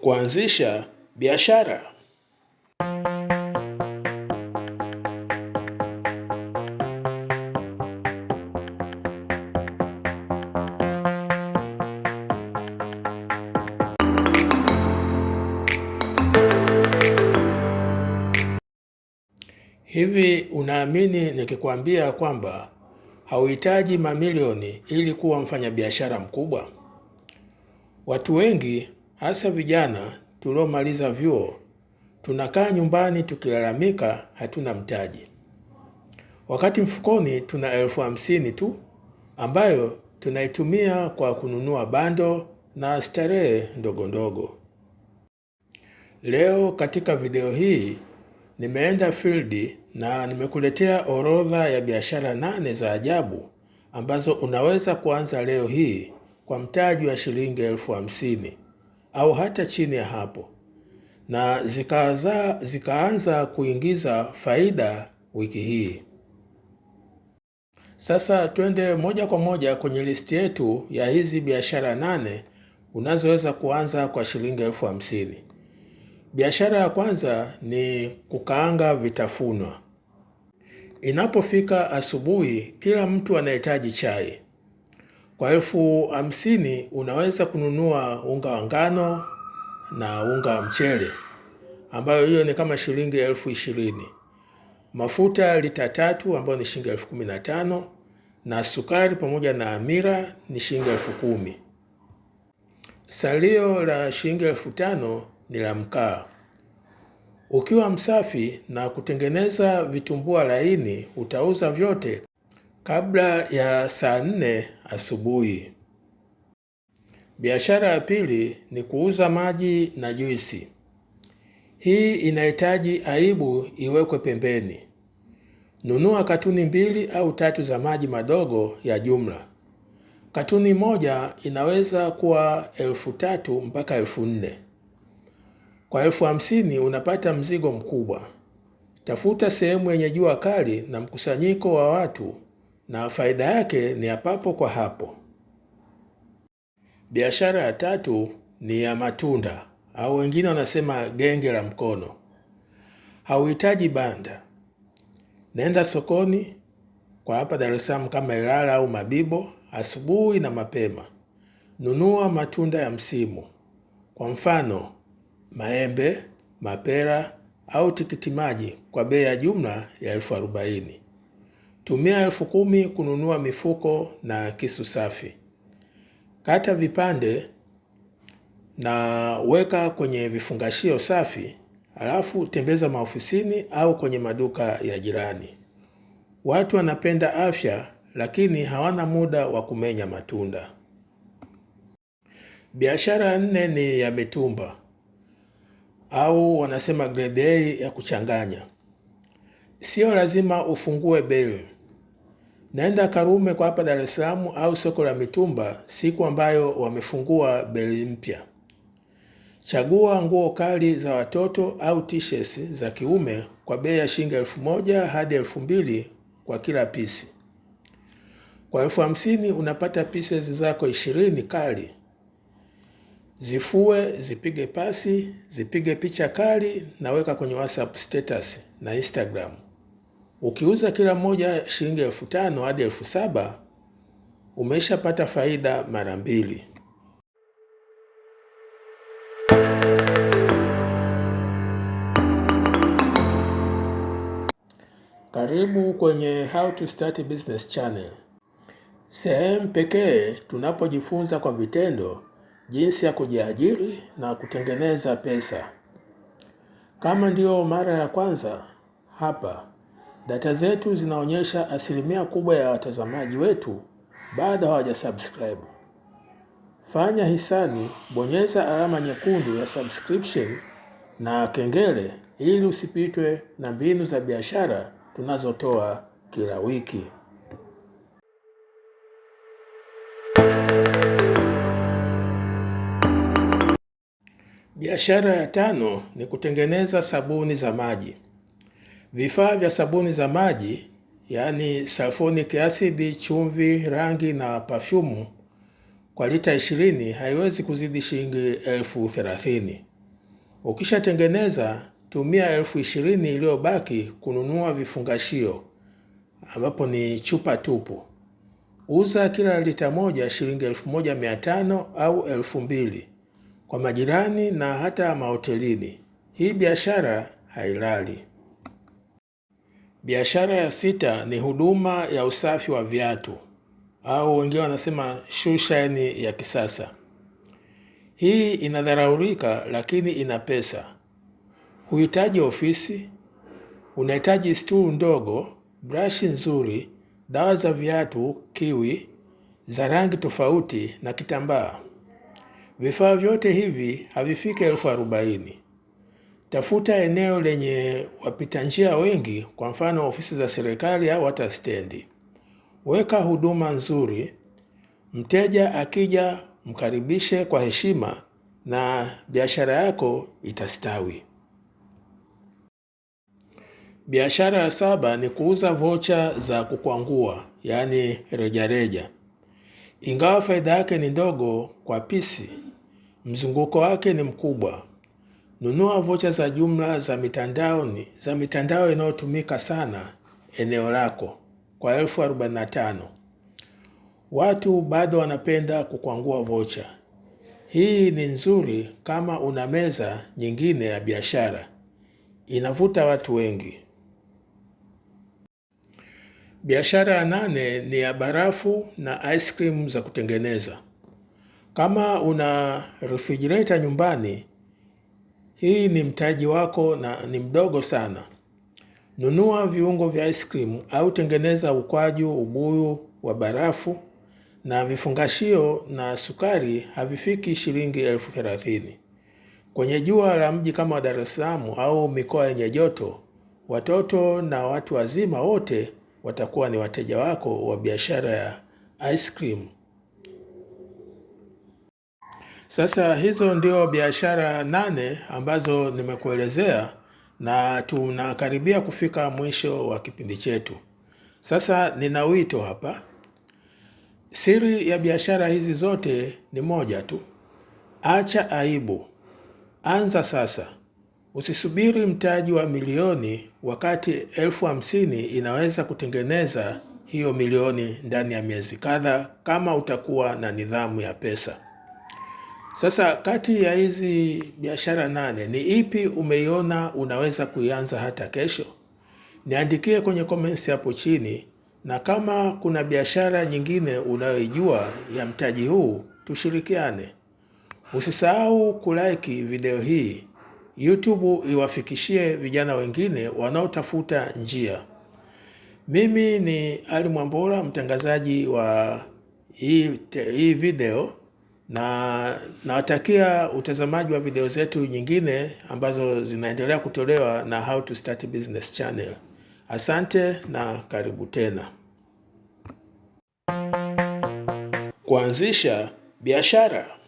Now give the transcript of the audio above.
Kuanzisha biashara. Hivi unaamini nikikwambia kwamba hauhitaji mamilioni ili kuwa mfanyabiashara mkubwa? Watu wengi hasa vijana tuliomaliza vyuo tunakaa nyumbani tukilalamika hatuna mtaji, wakati mfukoni tuna elfu hamsini tu ambayo tunaitumia kwa kununua bando na starehe ndogo ndogo. Leo katika video hii nimeenda fildi na nimekuletea orodha ya biashara nane za ajabu ambazo unaweza kuanza leo hii kwa mtaji wa shilingi elfu hamsini au hata chini ya hapo, na zikaanza zikaanza kuingiza faida wiki hii. Sasa twende moja kwa moja kwenye listi yetu ya hizi biashara nane unazoweza kuanza kwa shilingi elfu hamsini. Biashara ya kwanza ni kukaanga vitafunwa. Inapofika asubuhi, kila mtu anahitaji chai. Kwa elfu hamsini unaweza kununua unga wa ngano na unga wa mchele ambayo hiyo ni kama shilingi elfu ishirini, mafuta lita tatu ambayo ni shilingi elfu kumi na tano na sukari pamoja na amira ni shilingi elfu kumi. Salio la shilingi elfu tano ni la mkaa. Ukiwa msafi na kutengeneza vitumbua laini, utauza vyote kabla ya saa nne asubuhi. Biashara ya pili ni kuuza maji na juisi. Hii inahitaji aibu iwekwe pembeni. Nunua katuni mbili au tatu za maji madogo ya jumla. Katuni moja inaweza kuwa elfu tatu mpaka elfu nne. Kwa elfu hamsini unapata mzigo mkubwa. Tafuta sehemu yenye jua kali na mkusanyiko wa watu na faida yake ni ya papo kwa hapo. Biashara ya tatu ni ya matunda au wengine wanasema genge la mkono. Hauhitaji banda, naenda sokoni kwa hapa Dar es Salaam kama Ilala au Mabibo asubuhi na mapema, nunua matunda ya msimu, kwa mfano maembe, mapera au tikiti maji kwa bei ya jumla ya elfu arobaini. Tumia elfu kumi kununua mifuko na kisu safi. Kata vipande na weka kwenye vifungashio safi, halafu tembeza maofisini au kwenye maduka ya jirani. Watu wanapenda afya, lakini hawana muda wa kumenya matunda. Biashara nne ni ya mitumba au wanasema grade A ya kuchanganya sio lazima ufungue beli. Naenda Karume kwa hapa Dar es Salaam au soko la mitumba siku ambayo wamefungua beli mpya. Chagua nguo kali za watoto au t-shirts za kiume kwa bei ya shilingi elfu moja hadi elfu mbili kwa kila pisi. Kwa elfu hamsini unapata pieces zako ishirini kali. Zifue, zipige pasi, zipige picha kali na weka kwenye WhatsApp status na Instagram. Ukiuza kila moja shilingi elfu tano hadi elfu saba umeshapata faida mara mbili. Karibu kwenye How to Start Business Channel, sehemu pekee tunapojifunza kwa vitendo jinsi ya kujiajiri na kutengeneza pesa. Kama ndio mara ya kwanza hapa Data zetu zinaonyesha asilimia kubwa ya watazamaji wetu bado hawajasubscribe. Fanya hisani, bonyeza alama nyekundu ya subscription na kengele ili usipitwe na mbinu za biashara tunazotoa kila wiki. Biashara ya tano ni kutengeneza sabuni za maji. Vifaa vya sabuni za maji yaani sulfonic acid, chumvi, rangi na pafyumu kwa lita 20 haiwezi kuzidi shilingi elfu thelathini. Ukishatengeneza tumia elfu ishirini iliyobaki kununua vifungashio ambapo ni chupa tupu. Uza kila lita moja shilingi elfu moja mia tano au elfu mbili kwa majirani na hata mahotelini. Hii biashara hailali. Biashara ya sita ni huduma ya usafi wa viatu au wengine wanasema shoe shine yaani ya kisasa. Hii inadharaulika, lakini ina pesa. Huhitaji ofisi, unahitaji stool ndogo, brashi nzuri, dawa za viatu kiwi za rangi tofauti na kitambaa. Vifaa vyote hivi havifiki elfu arobaini. Tafuta eneo lenye wapita njia wengi, kwa mfano ofisi za serikali au hata stendi. Weka huduma nzuri, mteja akija mkaribishe kwa heshima na biashara yako itastawi. Biashara ya saba ni kuuza vocha za kukwangua, yaani rejareja. Ingawa faida yake ni ndogo kwa pisi, mzunguko wake ni mkubwa. Nunua vocha za jumla za mitandaoni za mitandao inayotumika sana eneo lako kwa elfu arobaini na tano. Watu bado wanapenda kukwangua vocha. Hii ni nzuri kama una meza nyingine ya biashara, inavuta watu wengi. Biashara ya nane ni ya barafu na ice cream za kutengeneza. Kama una refrigerator nyumbani, hii ni mtaji wako na ni mdogo sana. Nunua viungo vya ice cream au tengeneza ukwaju, ubuyu wa barafu na vifungashio na sukari havifiki shilingi elfu thelathini. Kwenye jua la mji kama Dar es Salaam au mikoa yenye joto, watoto na watu wazima wote watakuwa ni wateja wako wa biashara ya ice cream. Sasa hizo ndio biashara nane ambazo nimekuelezea na tunakaribia kufika mwisho wa kipindi chetu. Sasa nina wito hapa. Siri ya biashara hizi zote ni moja tu. Acha aibu. Anza sasa. Usisubiri mtaji wa milioni wakati elfu hamsini inaweza kutengeneza hiyo milioni ndani ya miezi kadhaa kama utakuwa na nidhamu ya pesa. Sasa kati ya hizi biashara nane ni ipi umeiona unaweza kuianza hata kesho? Niandikie kwenye comments hapo chini, na kama kuna biashara nyingine unayoijua ya mtaji huu tushirikiane. Usisahau kulike video hii, YouTube iwafikishie vijana wengine wanaotafuta njia. Mimi ni Ali Mwambola, mtangazaji wa hii, hii video na nawatakia utazamaji wa video zetu nyingine ambazo zinaendelea kutolewa na How to Start Business Channel. Asante na karibu tena. Kuanzisha biashara